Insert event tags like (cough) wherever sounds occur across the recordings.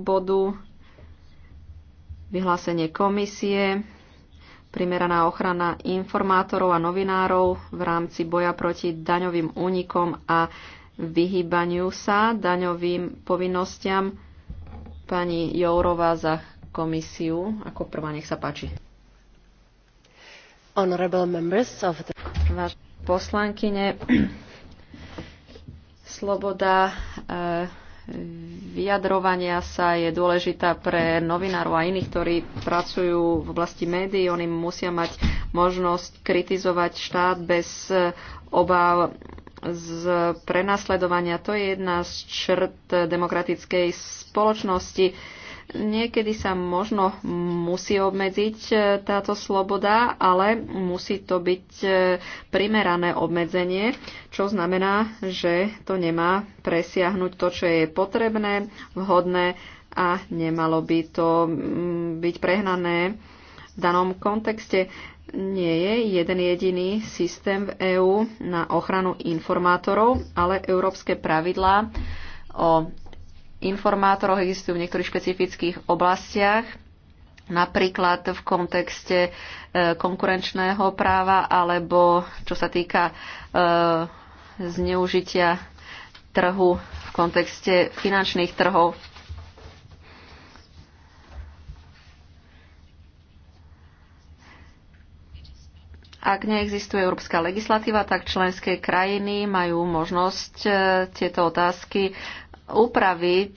bodu vyhlásenie komisie, primeraná ochrana informátorov a novinárov v rámci boja proti daňovým únikom a vyhýbaniu sa daňovým povinnostiam. Pani Jourová za komisiu. Ako prvá, nech sa páči. Honorable members of the... poslankyne, (clears throat) sloboda eh, vyjadrovania sa je dôležitá pre novinárov a iných, ktorí pracujú v oblasti médií. Oni musia mať možnosť kritizovať štát bez obáv z prenasledovania. To je jedna z črt demokratickej spoločnosti Niekedy sa možno musí obmedziť e, táto sloboda, ale musí to byť e, primerané obmedzenie, čo znamená, že to nemá presiahnuť to, čo je potrebné, vhodné a nemalo by to byť prehnané v danom kontexte. Nie je jeden jediný systém v EÚ na ochranu informátorov, ale európske pravidlá o Informátorov existujú v niektorých špecifických oblastiach, napríklad v kontexte e, konkurenčného práva alebo čo sa týka e, zneužitia trhu v kontexte finančných trhov. Ak neexistuje európska legislatíva, tak členské krajiny majú možnosť e, tieto otázky upraviť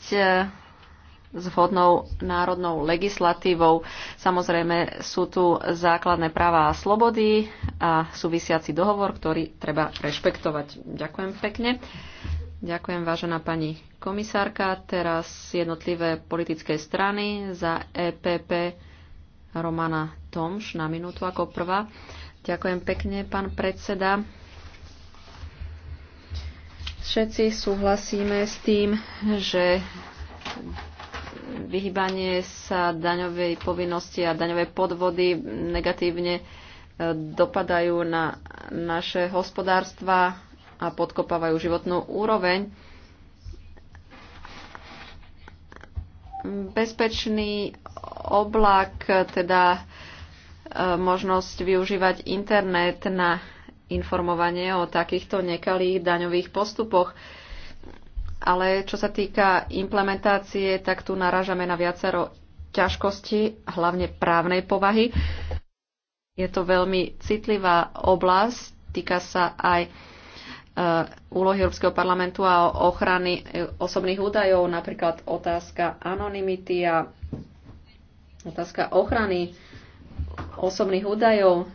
s e, vhodnou národnou legislatívou. Samozrejme sú tu základné práva a slobody a súvisiaci dohovor, ktorý treba rešpektovať. Ďakujem pekne. Ďakujem, vážená pani komisárka. Teraz jednotlivé politické strany za EPP Romana Tomš na minútu ako prvá. Ďakujem pekne, pán predseda. Všetci súhlasíme s tým, že vyhýbanie sa daňovej povinnosti a daňové podvody negatívne e, dopadajú na naše hospodárstva a podkopávajú životnú úroveň. Bezpečný oblak, teda e, možnosť využívať internet na informovanie o takýchto nekalých daňových postupoch. Ale čo sa týka implementácie, tak tu naražame na viacero ťažkosti, hlavne právnej povahy. Je to veľmi citlivá oblasť, týka sa aj e, úlohy Európskeho parlamentu a ochrany e, osobných údajov, napríklad otázka anonymity a otázka ochrany osobných údajov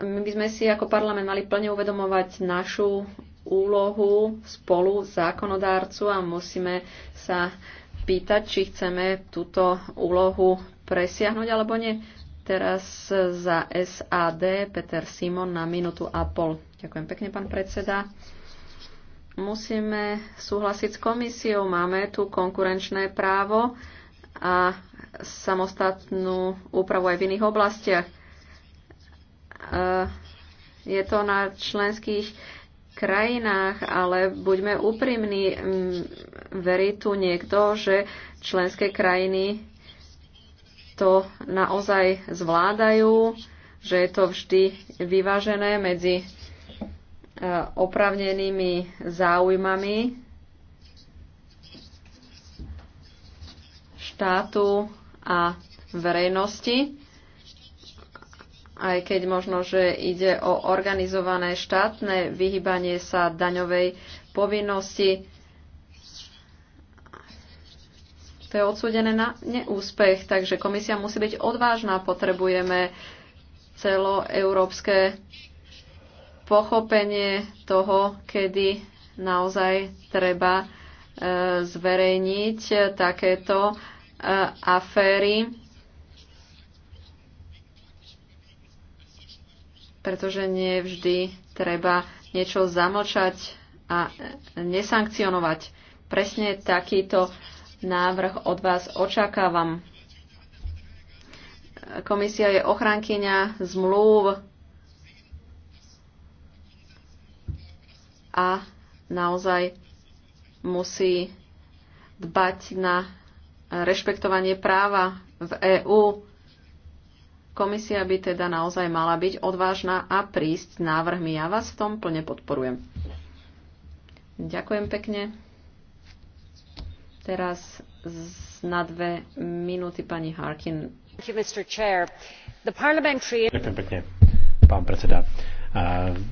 my by sme si ako parlament mali plne uvedomovať našu úlohu spolu zákonodárcu a musíme sa pýtať, či chceme túto úlohu presiahnuť alebo nie. Teraz za SAD Peter Simon na minútu a pol. Ďakujem pekne, pán predseda. Musíme súhlasiť s komisiou. Máme tu konkurenčné právo a samostatnú úpravu aj v iných oblastiach Eh, je to na členských krajinách, ale buďme úprimní, mm, verí tu niekto, že členské krajiny to naozaj zvládajú, že je to vždy vyvážené medzi eh, opravnenými záujmami štátu a verejnosti aj keď možno, že ide o organizované štátne vyhybanie sa daňovej povinnosti. To je odsudené na neúspech, takže komisia musí byť odvážna. Potrebujeme celoeurópske pochopenie toho, kedy naozaj treba e, zverejniť takéto e, aféry pretože nie vždy treba niečo zamlčať a nesankcionovať. Presne takýto návrh od vás očakávam. Komisia je ochrankyňa zmluv a naozaj musí dbať na rešpektovanie práva v EÚ Komisia by teda naozaj mala byť odvážna a prísť s návrhmi. Ja vás v tom plne podporujem. Ďakujem pekne. Teraz na dve minúty pani Harkin. Ďakujem pekne, pán predseda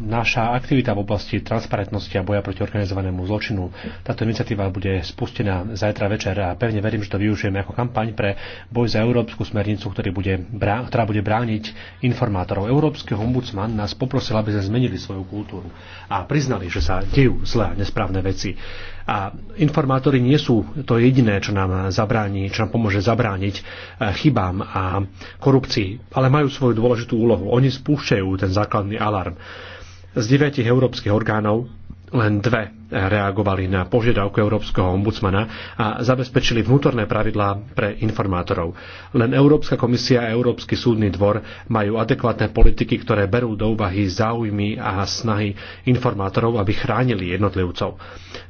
naša aktivita v oblasti transparentnosti a boja proti organizovanému zločinu. Táto iniciatíva bude spustená zajtra večer a pevne verím, že to využijeme ako kampaň pre boj za európsku smernicu, ktorý bude, ktorá bude brániť informátorov. Európsky ombudsman nás poprosil, aby sme zmenili svoju kultúru a priznali, že sa dejú zlé a nesprávne veci. A informátori nie sú to jediné, čo nám zabráni, čo nám pomôže zabrániť e, chybám a korupcii, ale majú svoju dôležitú úlohu. Oni spúšťajú ten základný alarm. Z deviatich európskych orgánov len dve reagovali na požiadavku Európskeho ombudsmana a zabezpečili vnútorné pravidlá pre informátorov. Len Európska komisia a Európsky súdny dvor majú adekvátne politiky, ktoré berú do úvahy záujmy a snahy informátorov, aby chránili jednotlivcov.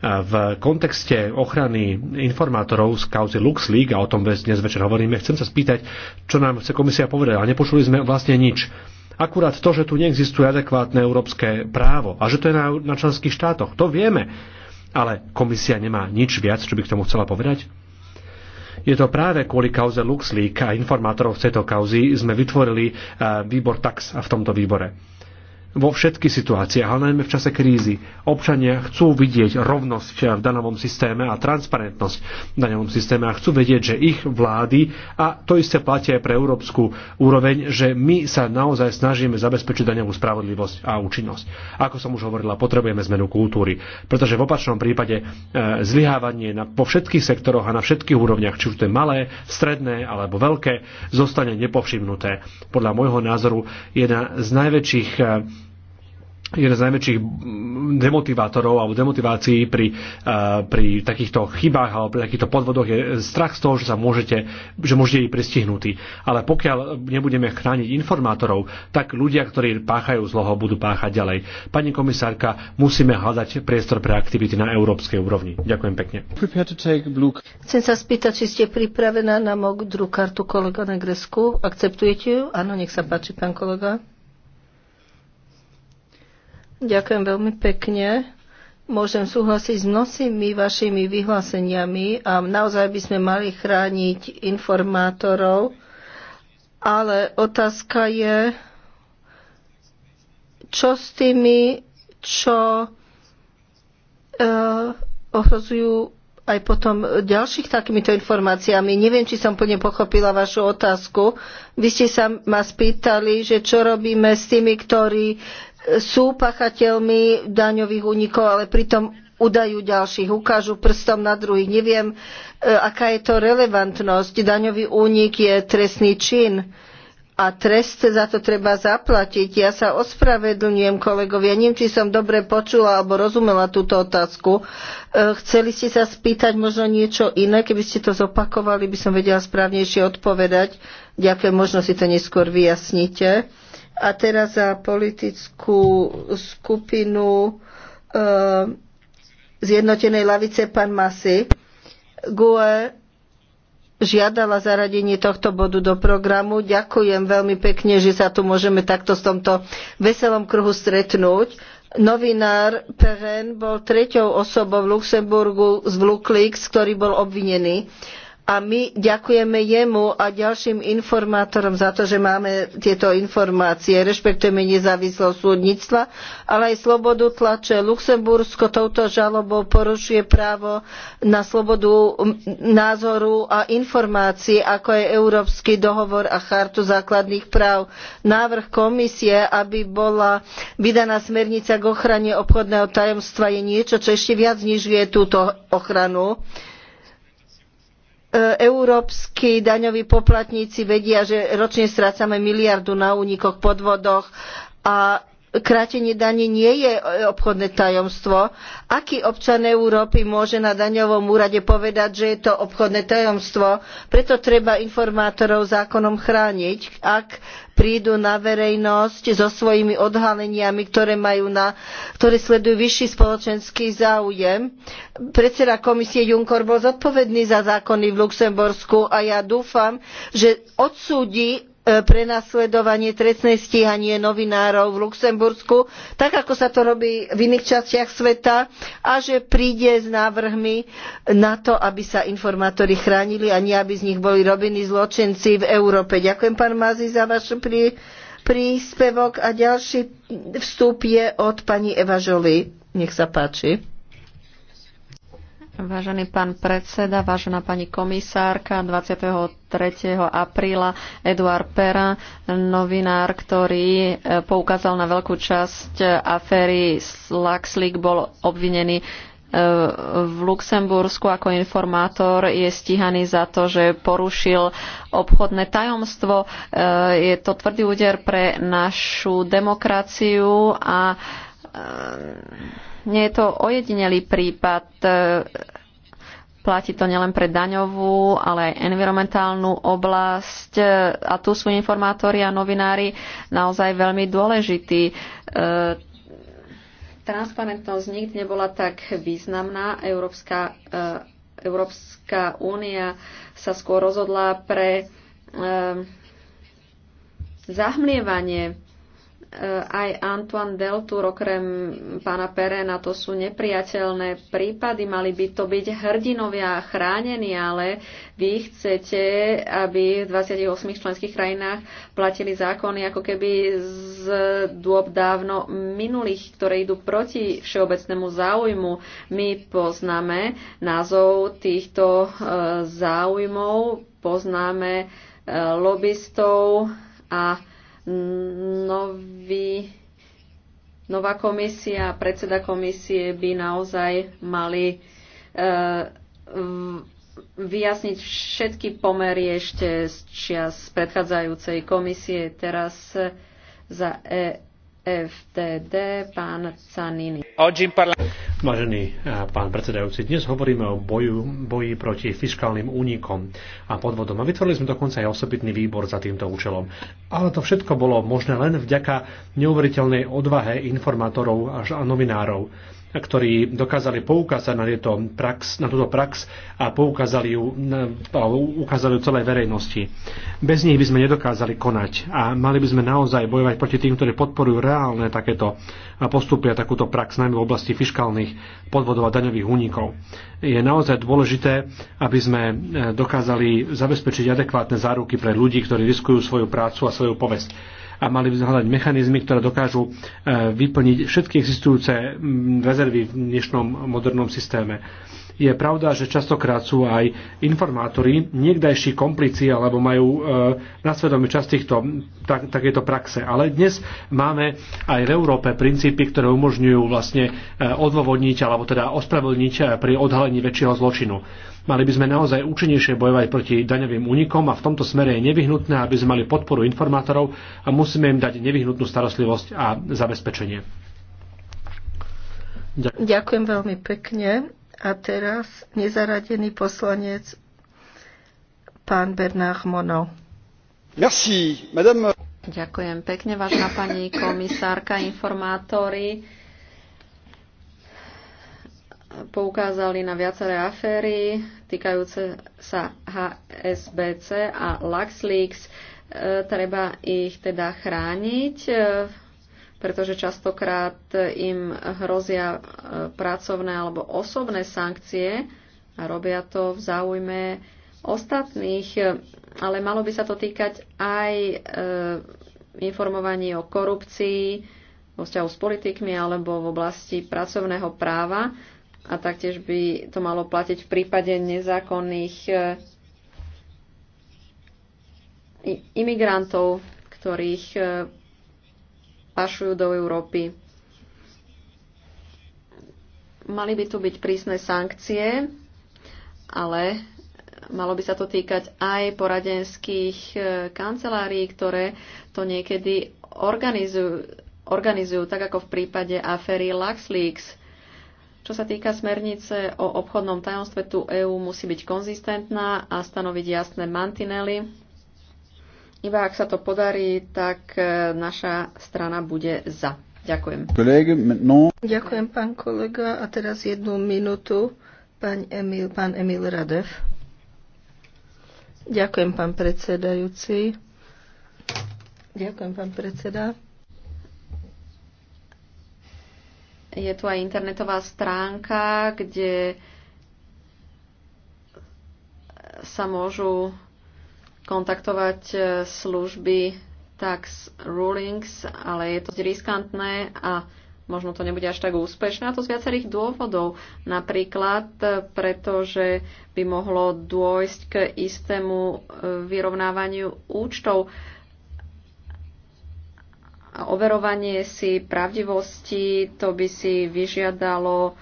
V kontexte ochrany informátorov z kauzy LuxLeak, a o tom dnes večer hovoríme, chcem sa spýtať, čo nám chce komisia povedať, ale nepočuli sme vlastne nič Akurát to, že tu neexistuje adekvátne európske právo a že to je na, na členských štátoch, to vieme. Ale komisia nemá nič viac, čo by k tomu chcela povedať? Je to práve kvôli kauze LuxLeak a informátorov z tejto kauzy sme vytvorili eh, výbor TAX v tomto výbore vo všetkých situáciách, ale najmä v čase krízy. Občania chcú vidieť rovnosť v danovom systéme a transparentnosť v danovom systéme a chcú vedieť, že ich vlády, a to isté platia aj pre európsku úroveň, že my sa naozaj snažíme zabezpečiť daňovú spravodlivosť a účinnosť. Ako som už hovorila, potrebujeme zmenu kultúry, pretože v opačnom prípade e, zlyhávanie po všetkých sektoroch a na všetkých úrovniach, či už to je malé, stredné alebo veľké, zostane nepovšimnuté. Podľa môjho názoru jedna z najväčších e, jeden z najväčších demotivátorov alebo demotivácií pri, e, pri takýchto chybách alebo pri takýchto podvodoch je strach z toho, že sa môžete, že môžete byť pristihnutí. Ale pokiaľ nebudeme chrániť informátorov, tak ľudia, ktorí páchajú zloho, budú páchať ďalej. Pani komisárka, musíme hľadať priestor pre aktivity na európskej úrovni. Ďakujem pekne. Chcem sa spýtať, či ste pripravená na druhú kartu kolega na Gresku. Akceptujete ju? Áno, nech sa páči, pán kolega. Ďakujem veľmi pekne. Môžem súhlasiť s mnohými vašimi vyhláseniami a naozaj by sme mali chrániť informátorov, ale otázka je, čo s tými, čo e, ohrozujú aj potom ďalších takýmito informáciami. Neviem, či som plne pochopila vašu otázku. Vy ste sa ma spýtali, že čo robíme s tými, ktorí sú pachateľmi daňových únikov, ale pritom udajú ďalších, ukážu prstom na druhých. Neviem, e, aká je to relevantnosť. Daňový únik je trestný čin a trest za to treba zaplatiť. Ja sa ospravedlňujem kolegovia, neviem, či som dobre počula alebo rozumela túto otázku. E, chceli ste sa spýtať možno niečo iné, keby ste to zopakovali, by som vedela správnejšie odpovedať. Ďakujem, možno si to neskôr vyjasnite. A teraz za politickú skupinu e, zjednotenej lavice pán Masy. GUE žiadala zaradenie tohto bodu do programu. Ďakujem veľmi pekne, že sa tu môžeme takto v tomto veselom kruhu stretnúť. Novinár Perren bol treťou osobou v Luxemburgu z Vluklix, ktorý bol obvinený a my ďakujeme jemu a ďalším informátorom za to, že máme tieto informácie. Rešpektujeme nezávislosť súdnictva, ale aj slobodu tlače. Luxembursko touto žalobou porušuje právo na slobodu názoru a informácií, ako je Európsky dohovor a chartu základných práv. Návrh komisie, aby bola vydaná smernica k ochrane obchodného tajomstva, je niečo, čo ešte viac znižuje túto ochranu. E, európski daňoví poplatníci vedia, že ročne strácame miliardu na únikoch, podvodoch a krátenie daní nie je obchodné tajomstvo. Aký občan Európy môže na daňovom úrade povedať, že je to obchodné tajomstvo? Preto treba informátorov zákonom chrániť. Ak prídu na verejnosť so svojimi odhaleniami, ktoré, majú na, ktoré sledujú vyšší spoločenský záujem. Predseda komisie Juncker bol zodpovedný za zákony v Luxembursku a ja dúfam, že odsúdi E, prenasledovanie, trestné stíhanie novinárov v Luxembursku, tak ako sa to robí v iných častiach sveta a že príde s návrhmi na to, aby sa informátori chránili a nie aby z nich boli robení zločinci v Európe. Ďakujem pán Mazi za váš prí, príspevok a ďalší vstup je od pani Eva Žoli. Nech sa páči. Vážený pán predseda, vážená pani komisárka, 23. apríla Eduard Pera, novinár, ktorý e, poukázal na veľkú časť e, aféry Laxlik, bol obvinený e, v Luxembursku ako informátor je stíhaný za to, že porušil obchodné tajomstvo. Je to tvrdý úder pre našu demokraciu a nie je to ojedinelý prípad. E, platí to nielen pre daňovú, ale aj environmentálnu oblasť. E, a tu sú informátori a novinári naozaj veľmi dôležití. E, transparentnosť nikdy nebola tak významná. Európska, Európska únia sa skôr rozhodla pre zahmlievanie aj Antoine Deltour, okrem pána Perena, to sú nepriateľné prípady, mali by to byť hrdinovia chránení, ale vy chcete, aby v 28 členských krajinách platili zákony ako keby z dôb dávno minulých, ktoré idú proti všeobecnému záujmu. My poznáme názov týchto e, záujmov, poznáme e, lobbystov a nový, nová komisia, a predseda komisie by naozaj mali e, vyjasniť všetky pomery ešte z čias predchádzajúcej komisie. Teraz za EFTD pán Canini. Vážený eh, pán predsedajúci, dnes hovoríme o boju, boji proti fiskálnym únikom a podvodom a vytvorili sme dokonca aj osobitný výbor za týmto účelom. Ale to všetko bolo možné len vďaka neuveriteľnej odvahe informátorov až a novinárov ktorí dokázali poukázať na, tieto prax, na túto prax a poukázali ju, na, ukázali ju celej verejnosti. Bez nich by sme nedokázali konať a mali by sme naozaj bojovať proti tým, ktorí podporujú reálne takéto postupy a takúto prax, najmä v oblasti fiskálnych podvodov a daňových únikov. Je naozaj dôležité, aby sme e, dokázali zabezpečiť adekvátne záruky pre ľudí, ktorí riskujú svoju prácu a svoju povesť a mali by sme hľadať mechanizmy, ktoré dokážu e, vyplniť všetky existujúce rezervy v dnešnom modernom systéme. Je pravda, že častokrát sú aj informátori, niekdajší komplici alebo majú e, na svedomí časť týchto, tak, takéto praxe. Ale dnes máme aj v Európe princípy, ktoré umožňujú vlastne e, odôvodniť alebo teda ospravedlniť e, pri odhalení väčšieho zločinu. Mali by sme naozaj účinnejšie bojovať proti daňovým únikom a v tomto smere je nevyhnutné, aby sme mali podporu informátorov a musíme im dať nevyhnutnú starostlivosť a zabezpečenie. Ďakujem, Ďakujem veľmi pekne. A teraz nezaradený poslanec pán Bernard Mono. Merci, madame. Ďakujem pekne, vážna pani komisárka, informátori poukázali na viaceré aféry týkajúce sa HSBC a LuxLeaks. E, treba ich teda chrániť, e, pretože častokrát im hrozia e, pracovné alebo osobné sankcie a robia to v záujme ostatných, ale malo by sa to týkať aj informovaní o korupcii, vo vzťahu s politikmi alebo v oblasti pracovného práva a taktiež by to malo platiť v prípade nezákonných e, imigrantov, ktorých e, pašujú do Európy. Mali by tu byť prísne sankcie, ale malo by sa to týkať aj poradenských e, kancelárií, ktoré to niekedy organizujú, organizujú tak ako v prípade aféry LuxLeaks. Čo sa týka smernice o obchodnom tajomstve, tu EÚ musí byť konzistentná a stanoviť jasné mantinely. Iba ak sa to podarí, tak e, naša strana bude za. Ďakujem. Kolege, no... Ďakujem, pán kolega. A teraz jednu minútu, pán Emil, pán Emil Radev. Ďakujem, pán predsedajúci. Ďakujem, pán predseda. Je tu aj internetová stránka, kde sa môžu kontaktovať e, služby tax rulings, ale je to riskantné a možno to nebude až tak úspešné, a to z viacerých dôvodov. Napríklad, e, pretože by mohlo dôjsť k istému e, vyrovnávaniu účtov a overovanie si pravdivosti, to by si vyžiadalo e,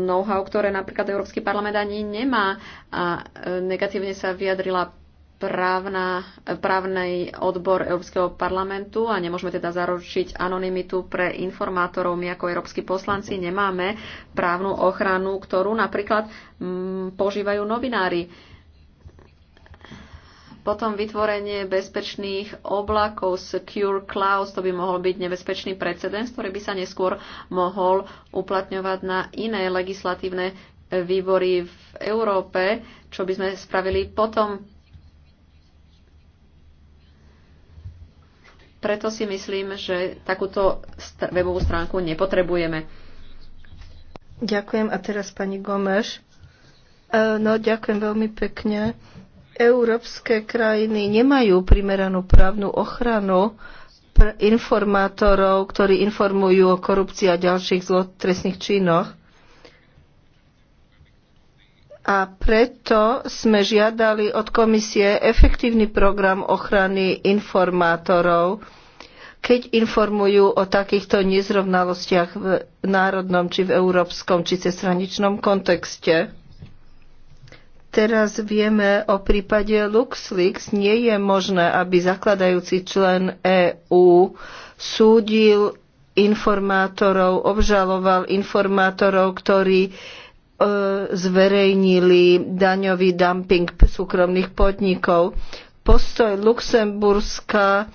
know-how, ktoré napríklad Európsky parlament ani nemá a e, negatívne sa vyjadrila právna, právny odbor Európskeho parlamentu a nemôžeme teda zaručiť anonymitu pre informátorov. My ako európsky poslanci nemáme právnu ochranu, ktorú napríklad m, mm, požívajú novinári potom vytvorenie bezpečných oblakov, secure clouds, to by mohol byť nebezpečný precedens, ktorý by sa neskôr mohol uplatňovať na iné legislatívne výbory v Európe, čo by sme spravili potom. Preto si myslím, že takúto webovú stránku nepotrebujeme. Ďakujem a teraz pani Gomeš. E, no, ďakujem veľmi pekne. Európske krajiny nemajú primeranú právnu ochranu pre informátorov, ktorí informujú o korupcii a ďalších zlotresných činoch. A preto sme žiadali od komisie efektívny program ochrany informátorov, keď informujú o takýchto nezrovnalostiach v národnom či v európskom či cezhraničnom kontexte. Teraz vieme o prípade LuxLeaks. Nie je možné, aby zakladajúci člen EÚ súdil informátorov, obžaloval informátorov, ktorí e, zverejnili daňový dumping súkromných podnikov. Postoj Luxemburska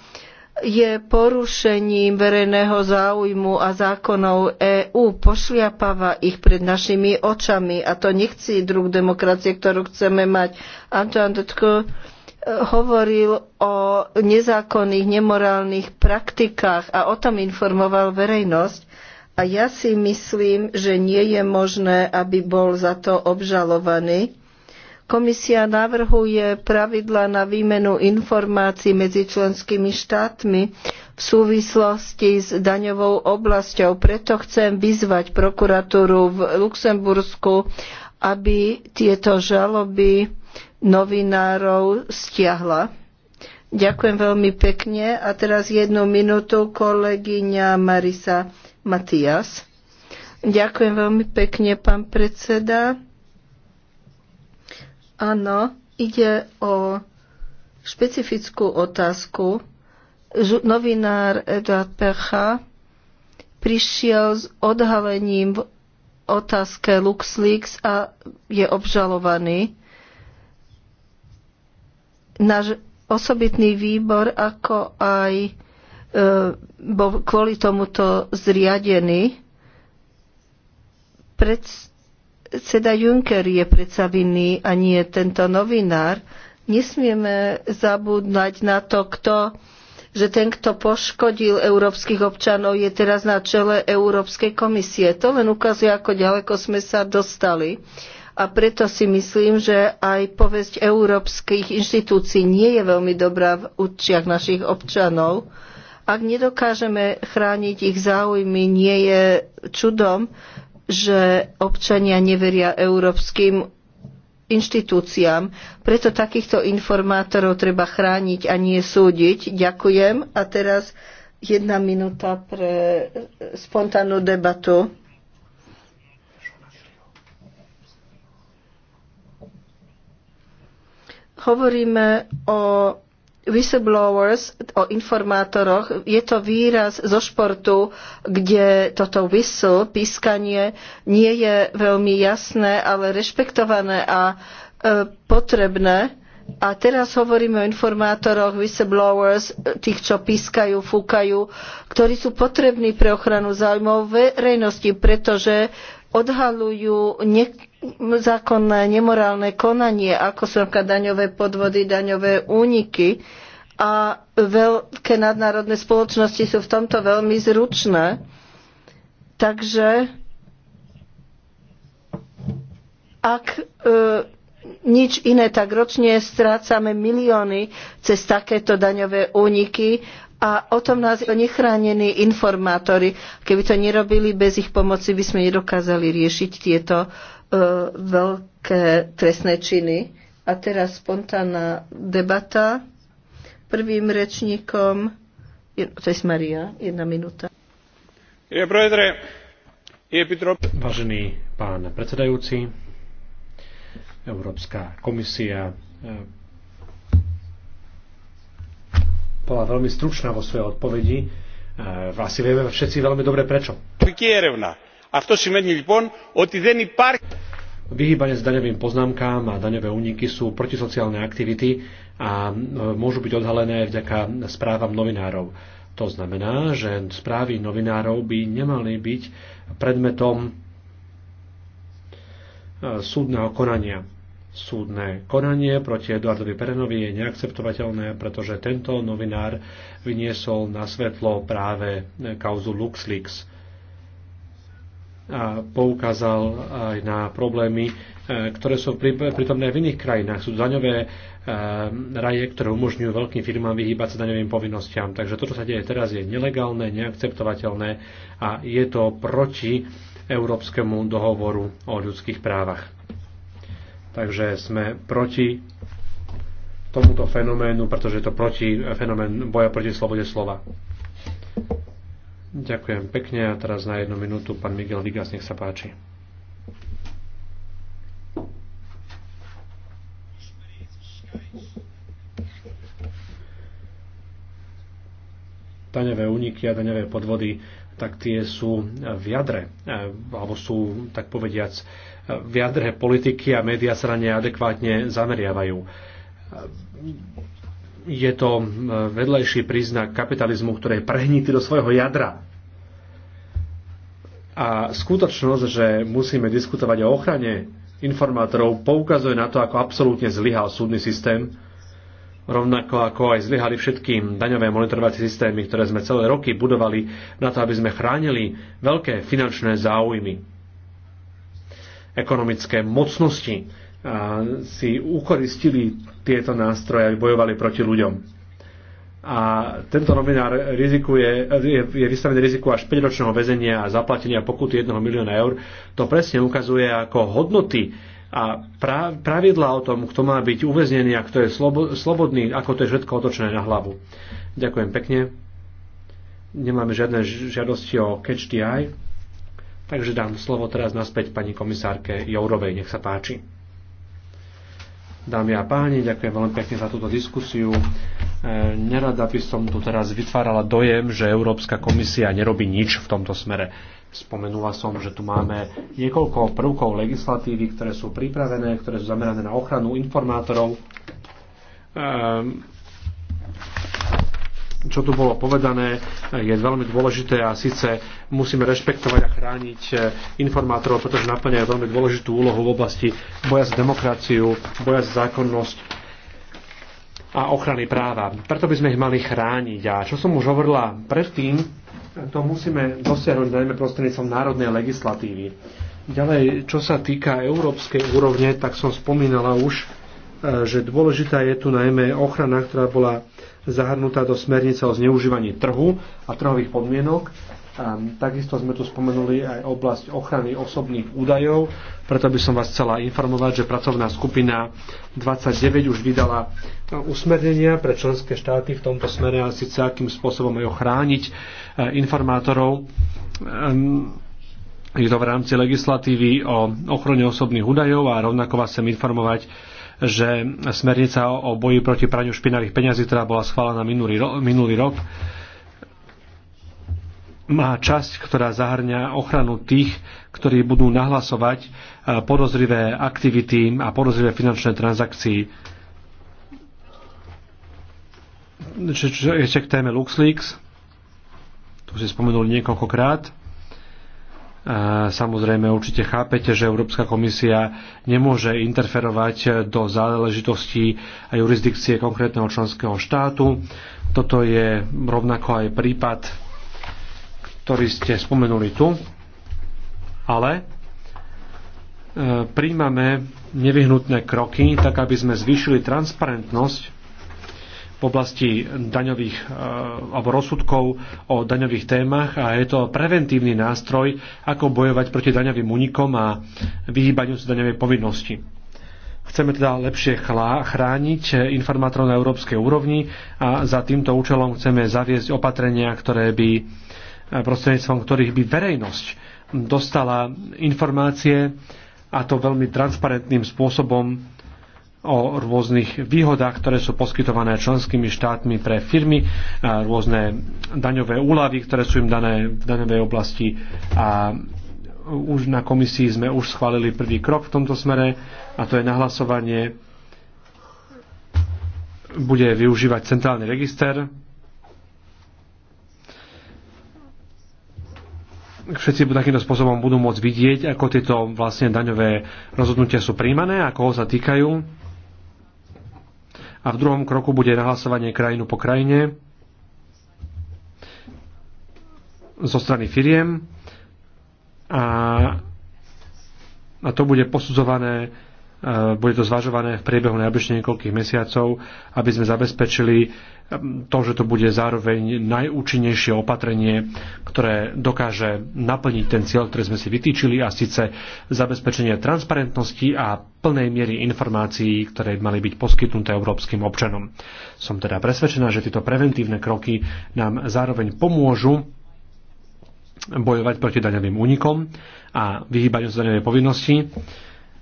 je porušením verejného záujmu a zákonov EÚ, Pošliapava ich pred našimi očami a to nechci druh demokracie, ktorú chceme mať. Antoine Dutko eh, hovoril o nezákonných, nemorálnych praktikách a o tom informoval verejnosť. A ja si myslím, že nie je možné, aby bol za to obžalovaný Komisia navrhuje pravidla na výmenu informácií medzi členskými štátmi v súvislosti s daňovou oblasťou. Preto chcem vyzvať prokuratúru v Luxembursku, aby tieto žaloby novinárov stiahla. Ďakujem veľmi pekne. A teraz jednu minútu kolegyňa Marisa Matias. Ďakujem veľmi pekne, pán predseda Áno, ide o špecifickú otázku. Novinár Eduard Pecha prišiel s odhalením v otázke LuxLeaks a je obžalovaný. Náš osobitný výbor, ako aj e, bol kvôli tomuto zriadený, predstavuje Ceda Juncker je predsa vinný a nie tento novinár. Nesmieme zabúdať na to, kto že ten, kto poškodil európskych občanov, je teraz na čele Európskej komisie. To len ukazuje, ako ďaleko sme sa dostali. A preto si myslím, že aj povesť európskych inštitúcií nie je veľmi dobrá v učiach našich občanov. Ak nedokážeme chrániť ich záujmy, nie je čudom, že občania neveria európskym inštitúciám. Preto takýchto informátorov treba chrániť a nie súdiť. Ďakujem. A teraz jedna minúta pre spontánnu debatu. Hovoríme o whistleblowers, o informátoroch, je to výraz zo športu, kde toto whistle, pískanie, nie je veľmi jasné, ale rešpektované a e, potrebné. A teraz hovoríme o informátoroch, whistleblowers, tých, čo pískajú, fúkajú, ktorí sú potrební pre ochranu záujmov verejnosti, pretože odhalujú niektoré zákonné nemorálne konanie, ako sú napríklad daňové podvody, daňové úniky. A veľké nadnárodné spoločnosti sú v tomto veľmi zručné. Takže ak e, nič iné, tak ročne strácame milióny cez takéto daňové úniky a o tom nás nechránení informátori. Keby to nerobili, bez ich pomoci by sme nedokázali riešiť tieto E, veľké trestné činy. A teraz spontánna debata. Prvým rečníkom je, to je Maria, jedna minúta. Vážený pán predsedajúci, Európska komisia e, bola veľmi stručná vo svojej odpovedi. E, asi vieme všetci veľmi dobre prečo. Αυτό σημαίνει λοιπόν ότι δεν υπάρχει... Vyhýbanie s daňovým poznámkám a daňové úniky sú protisociálne aktivity a e, môžu byť odhalené aj vďaka správam novinárov. To znamená, že správy novinárov by nemali byť predmetom e, súdneho konania. Súdne konanie proti Eduardovi Perenovi je neakceptovateľné, pretože tento novinár vyniesol na svetlo práve kauzu LuxLeaks a poukázal aj na problémy, e, ktoré sú prítomné v iných krajinách. Sú daňové e, raje, ktoré umožňujú veľkým firmám vyhýbať sa daňovým povinnostiam. Takže to, čo sa deje teraz, je nelegálne, neakceptovateľné a je to proti Európskemu dohovoru o ľudských právach. Takže sme proti tomuto fenoménu, pretože je to proti fenomén boja proti slobode slova. Ďakujem pekne a teraz na jednu minútu pán Miguel Vigas, nech sa páči. Daňové úniky a daňové podvody, tak tie sú v jadre, e, alebo sú, tak povediac, v jadre politiky a médiá sa na ne adekvátne zameriavajú je to e, vedlejší príznak kapitalizmu, ktorý je prehnitý do svojho jadra. A skutočnosť, že musíme diskutovať o ochrane informátorov, poukazuje na to, ako absolútne zlyhal súdny systém, rovnako ako aj zlyhali všetky daňové monitorovacie systémy, ktoré sme celé roky budovali na to, aby sme chránili veľké finančné záujmy. Ekonomické mocnosti si ukoristili tieto nástroje, aby bojovali proti ľuďom. A tento novinár rizikuje, je, je vystavený riziku až 5-ročného väzenia a zaplatenia pokuty 1 milióna eur. To presne ukazuje ako hodnoty a pravidla o tom, kto má byť uväznený a kto je slobo, slobodný, ako to je všetko otočené na hlavu. Ďakujem pekne. Nemáme žiadne žiadosti o catch the eye, takže dám slovo teraz naspäť pani komisárke Jourovej. Nech sa páči. Dámy a páni, ďakujem veľmi pekne za túto diskusiu. E, nerada by som tu teraz vytvárala dojem, že Európska komisia nerobí nič v tomto smere. Spomenula som, že tu máme niekoľko prvkov legislatívy, ktoré sú pripravené, ktoré sú zamerané na ochranu informátorov. Um čo tu bolo povedané, je veľmi dôležité a síce musíme rešpektovať a chrániť e, informátorov, pretože naplňajú veľmi dôležitú úlohu v oblasti boja za demokraciu, boja za zákonnosť a ochrany práva. Preto by sme ich mali chrániť. A čo som už hovorila predtým, to musíme dosiahnuť najmä prostredníctvom národnej legislatívy. Ďalej, čo sa týka európskej úrovne, tak som spomínala už, e, že dôležitá je tu najmä ochrana, ktorá bola zahrnutá do smernice o zneužívaní trhu a trhových podmienok. Takisto sme tu spomenuli aj oblasť ochrany osobných údajov, preto by som vás chcela informovať, že pracovná skupina 29 už vydala no, usmernenia pre členské štáty v tomto smere a síce akým spôsobom majú chrániť e, informátorov ehm, je to v rámci legislatívy o ochrane osobných údajov a rovnako vás chcem informovať, že smernica o, boji proti praniu špinavých peňazí, ktorá bola schválená minulý, ro- minulý rok, má časť, ktorá zahrňa ochranu tých, ktorí budú nahlasovať e, podozrivé aktivity a podozrivé finančné transakcie. Ešte k téme LuxLeaks, tu si spomenuli niekoľkokrát Samozrejme, určite chápete, že Európska komisia nemôže interferovať do záležitostí a jurisdikcie konkrétneho členského štátu. Toto je rovnako aj prípad, ktorý ste spomenuli tu. Ale e, príjmame nevyhnutné kroky, tak aby sme zvýšili transparentnosť v oblasti daňových e, alebo rozsudkov o daňových témach a je to preventívny nástroj, ako bojovať proti daňovým únikom a vyhýbaniu sa daňovej povinnosti. Chceme teda lepšie chrániť informátorov na európskej úrovni a za týmto účelom chceme zaviesť opatrenia, ktoré by e, prostredníctvom ktorých by verejnosť dostala informácie a to veľmi transparentným spôsobom o rôznych výhodách, ktoré sú poskytované členskými štátmi pre firmy, rôzne daňové úlavy, ktoré sú im dané v daňovej oblasti a už na komisii sme už schválili prvý krok v tomto smere a to je nahlasovanie bude využívať centrálny register všetci takýmto spôsobom budú môcť vidieť, ako tieto vlastne daňové rozhodnutia sú príjmané, a koho sa týkajú a v druhom kroku bude nahlasovanie krajinu po krajine zo strany firiem a, a to bude posudzované E, bude to zvažované v priebehu najbližších niekoľkých mesiacov, aby sme zabezpečili e, to, že to bude zároveň najúčinnejšie opatrenie, ktoré dokáže naplniť ten cieľ, ktorý sme si vytýčili, a síce zabezpečenie transparentnosti a plnej miery informácií, ktoré mali byť poskytnuté európskym občanom. Som teda presvedčená, že tieto preventívne kroky nám zároveň pomôžu bojovať proti daňovým únikom a vyhýbaniu sa daňovej povinnosti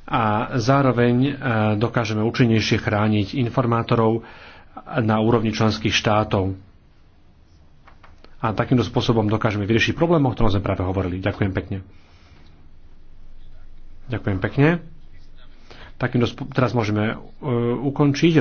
a zároveň e, dokážeme účinnejšie chrániť informátorov na úrovni členských štátov. A takýmto spôsobom dokážeme vyriešiť problém, o ktorom sme práve hovorili. Ďakujem pekne. Ďakujem pekne. Takýmto teraz môžeme e, ukončiť